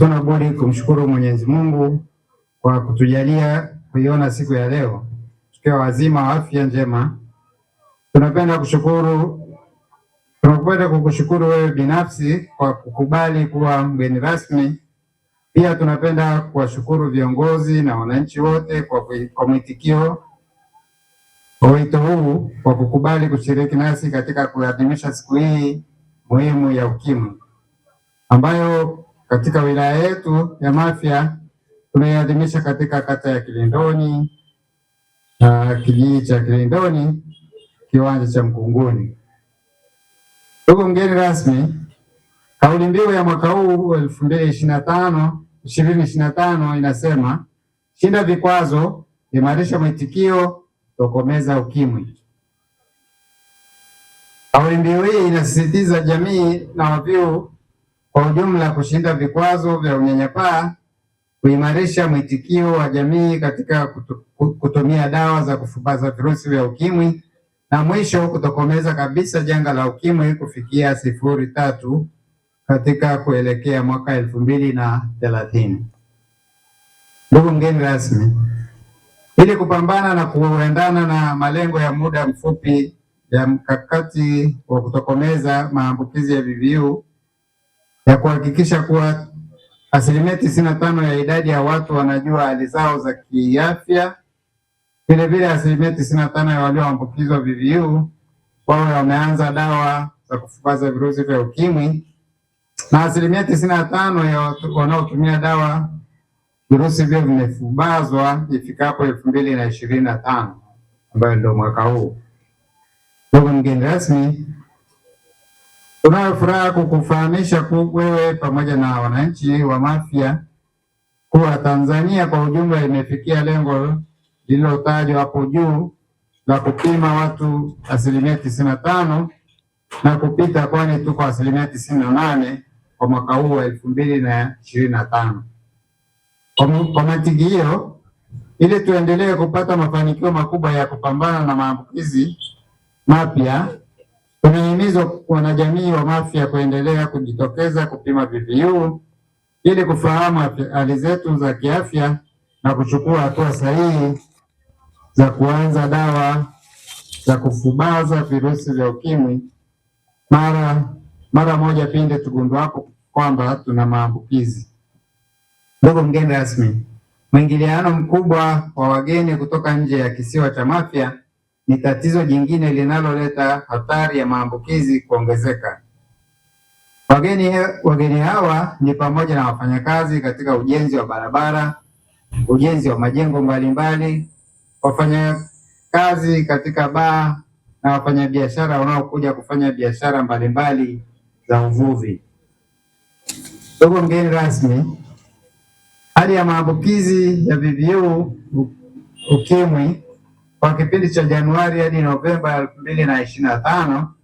Hatuna budi kumshukuru Mwenyezi Mungu kwa kutujalia kuiona siku ya leo tukiwa wazima wa afya njema. Tunapenda kushukuru, tunapenda kukushukuru wewe binafsi kwa kukubali kuwa mgeni rasmi. Pia tunapenda kuwashukuru viongozi na wananchi wote kwa, mwitikio kwa wito huu kwa kukubali kushiriki nasi katika kuadhimisha siku hii muhimu ya UKIMWI ambayo katika wilaya yetu ya Mafia tunaiadhimisha katika kata ya Kilindoni na kijiji cha Kilindoni, kiwanja cha Mkunguni. Ndugu mgeni rasmi, kauli mbiu ya mwaka huu elfu mbili ishirini na tano ishirini ishirini na tano inasema shinda vikwazo, imarisha mwitikio, tokomeza ukimwi. Kauli mbiu hii inasisitiza jamii na waviu kwa ujumla, kushinda vikwazo vya unyanyapaa, kuimarisha mwitikio wa jamii katika kutumia dawa za kufubaza virusi vya ukimwi na mwisho kutokomeza kabisa janga la ukimwi kufikia sifuri tatu katika kuelekea mwaka elfu mbili na thelathini. Ndugu mgeni rasmi, ili kupambana na kuendana na malengo ya muda mfupi ya mkakati wa kutokomeza maambukizi ya VVU ya kuhakikisha kuwa asilimia tisini na tano ya idadi ya watu wanajua hali zao za kiafya. Vilevile, asilimia tisini na tano ya walioambukizwa VVU wao wameanza dawa za kufubaza virusi vya ukimwi na asilimia tisini na tano ya wanaotumia dawa virusi hivyo vimefubazwa ifikapo elfu mbili na ishirini na tano ambayo ndio mwaka huu. Ndugu mgeni rasmi Tunayo furaha kukufahamisha wewe pamoja na wananchi wa Mafia kuwa Tanzania kwa ujumla imefikia lengo lililotajwa hapo juu la kupima watu asilimia tisini na tano na kupita, kwani tuko asilimia tisini na nane kwa mwaka huu wa elfu mbili na ishirini na tano. Kwa mantiki hiyo, ili tuendelee kupata mafanikio makubwa ya kupambana na maambukizi mapya hizo wanajamii wa Mafia kuendelea kujitokeza kupima VVU ili kufahamu hali zetu za kiafya na kuchukua hatua sahihi za kuanza dawa za kufubaza virusi vya ukimwi mara mara moja pinde tugunduapo kwamba tuna maambukizi. Ndugu mgeni rasmi, mwingiliano mkubwa wa wageni kutoka nje ya kisiwa cha Mafia ni tatizo jingine linaloleta hatari ya maambukizi kuongezeka. Wageni, wageni hawa ni pamoja na wafanyakazi katika ujenzi wa barabara, ujenzi wa majengo mbalimbali, wafanyakazi katika baa na wafanyabiashara wanaokuja kufanya biashara mbalimbali za uvuvi. Ndugu mgeni rasmi, hali ya maambukizi ya VVU ukimwi kwa kipindi cha Januari hadi Novemba elfu mbili na ishirini na tano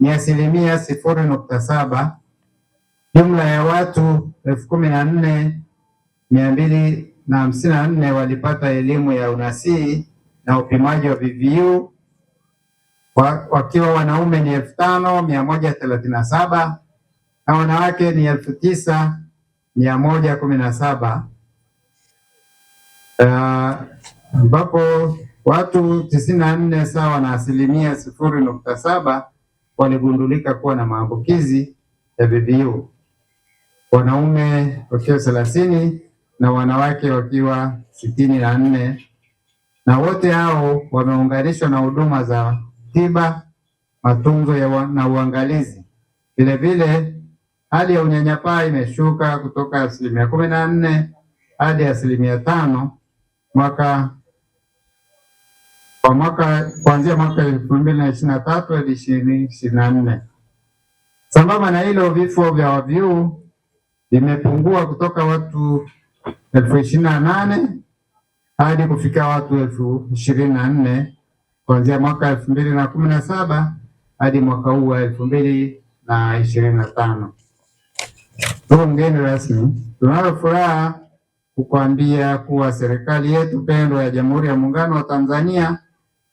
ni asilimia sifuri nukta saba. Jumla ya watu elfu kumi na nne mia mbili na hamsini na nne walipata elimu ya unasii na upimaji wa VVU wakiwa wanaume ni elfu tano mia moja thelathini na saba na wanawake ni elfu tisa mia moja kumi na saba ah, ambapo uh, Watu tisini na nne sawa na asilimia sifuri nukta saba waligundulika kuwa na maambukizi ya VVU, wanaume wakiwa thelathini na wanawake wakiwa sitini na nne na wote hao wameunganishwa na huduma za tiba, matunzo wa, na uangalizi. Vilevile hali ya unyanyapaa imeshuka kutoka asilimia kumi na nne hadi asilimia tano mwaka kwa mwaka kuanzia mwaka elfu mbili na ishirini na tatu hadi ishirini na nne. Sambamba na hilo, vifo vya wavyuu vimepungua kutoka watu elfu ishirini na nane hadi kufika watu elfu ishirini na nne kuanzia mwaka elfu mbili na kumi na saba hadi mwaka huu wa elfu mbili na ishirini na tano. Ndugu mgeni rasmi, tunayo furaha kukuambia kuwa serikali yetu pendwa ya Jamhuri ya Muungano wa Tanzania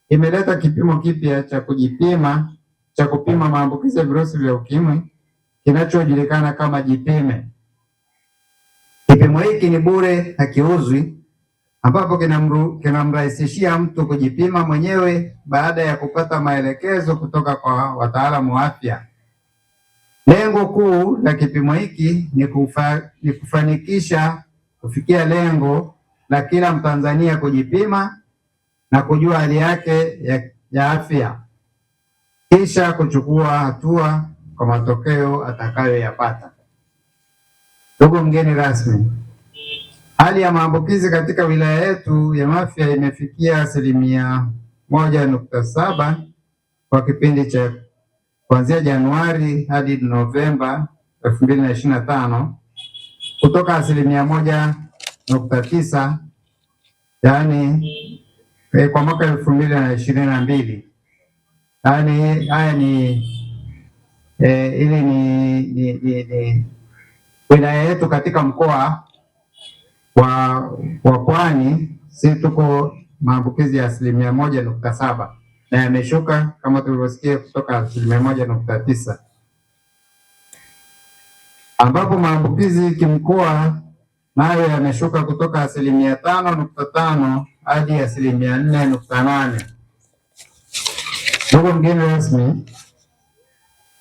imeleta kipimo kipya cha kujipima cha kupima maambukizi ya virusi vya ukimwi kinachojulikana kama Jipime. Kipimo hiki ni bure, na kiuzwi ambapo kinamrahisishia kina mtu kujipima mwenyewe baada ya kupata maelekezo kutoka kwa wataalamu wa afya. Lengo kuu la kipimo hiki ni, kufa, ni kufanikisha kufikia lengo la kila Mtanzania kujipima na kujua hali yake ya, ya afya kisha kuchukua hatua kwa matokeo atakayoyapata. Ndugu mgeni rasmi, hali ya maambukizi katika wilaya yetu ya Mafia imefikia asilimia moja nukta saba kwa kipindi cha kuanzia Januari hadi Novemba elfu mbili na ishirini na tano kutoka asilimia moja nukta tisa yaani E, kwa mwaka elfu mbili na ishirini na mbili yaani haya ni e, ili ni, ni, ni, ni wilaya yetu katika mkoa wa, wa Pwani, si tuko maambukizi ya asilimia moja nukta saba na yameshuka kama tulivyosikia kutoka asilimia moja nukta tisa ambapo maambukizi kimkoa nayo yameshuka kutoka asilimia tano nukta tano hadi asilimia nne nukta nane. Ndugu mgeni rasmi,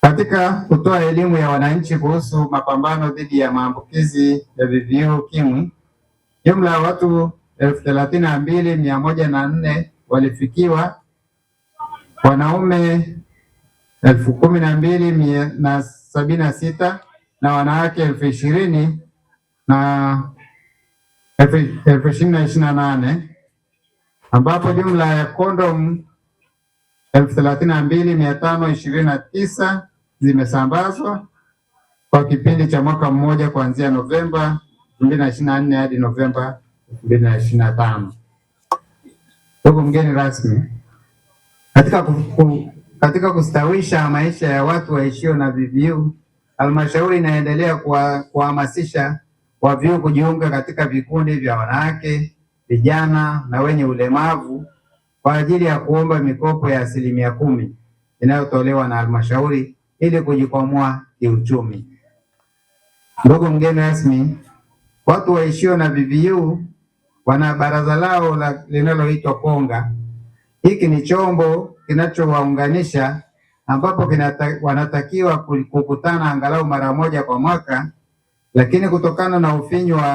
katika kutoa elimu ya wananchi kuhusu mapambano dhidi ya maambukizi ya VVU UKIMWI, jumla ya watu elfu thelathini na mbili mia moja na nne walifikiwa, wanaume elfu kumi na mbili mia na sabini na sita na wanawake elfu ishirini na elfu ishirini na nane ambapo jumla ya kondomu elfu thelathini na mbili mia tano ishirini na tisa zimesambazwa kwa kipindi cha mwaka mmoja kuanzia Novemba 2024 hadi Novemba 2025. Ndugu mgeni rasmi, katika, kuku, katika kustawisha maisha ya watu waishio na VVU, halmashauri inaendelea kuwahamasisha wavyu kujiunga katika vikundi vya wanawake vijana na wenye ulemavu kwa ajili ya kuomba mikopo ya asilimia kumi inayotolewa na halmashauri ili kujikwamua kiuchumi. Ndugu mgeni rasmi, watu waishio na VVU wana baraza lao la linaloitwa Konga. Hiki ni chombo kinachowaunganisha ambapo kinata, wanatakiwa kukutana angalau mara moja kwa mwaka, lakini kutokana na ufinyu wa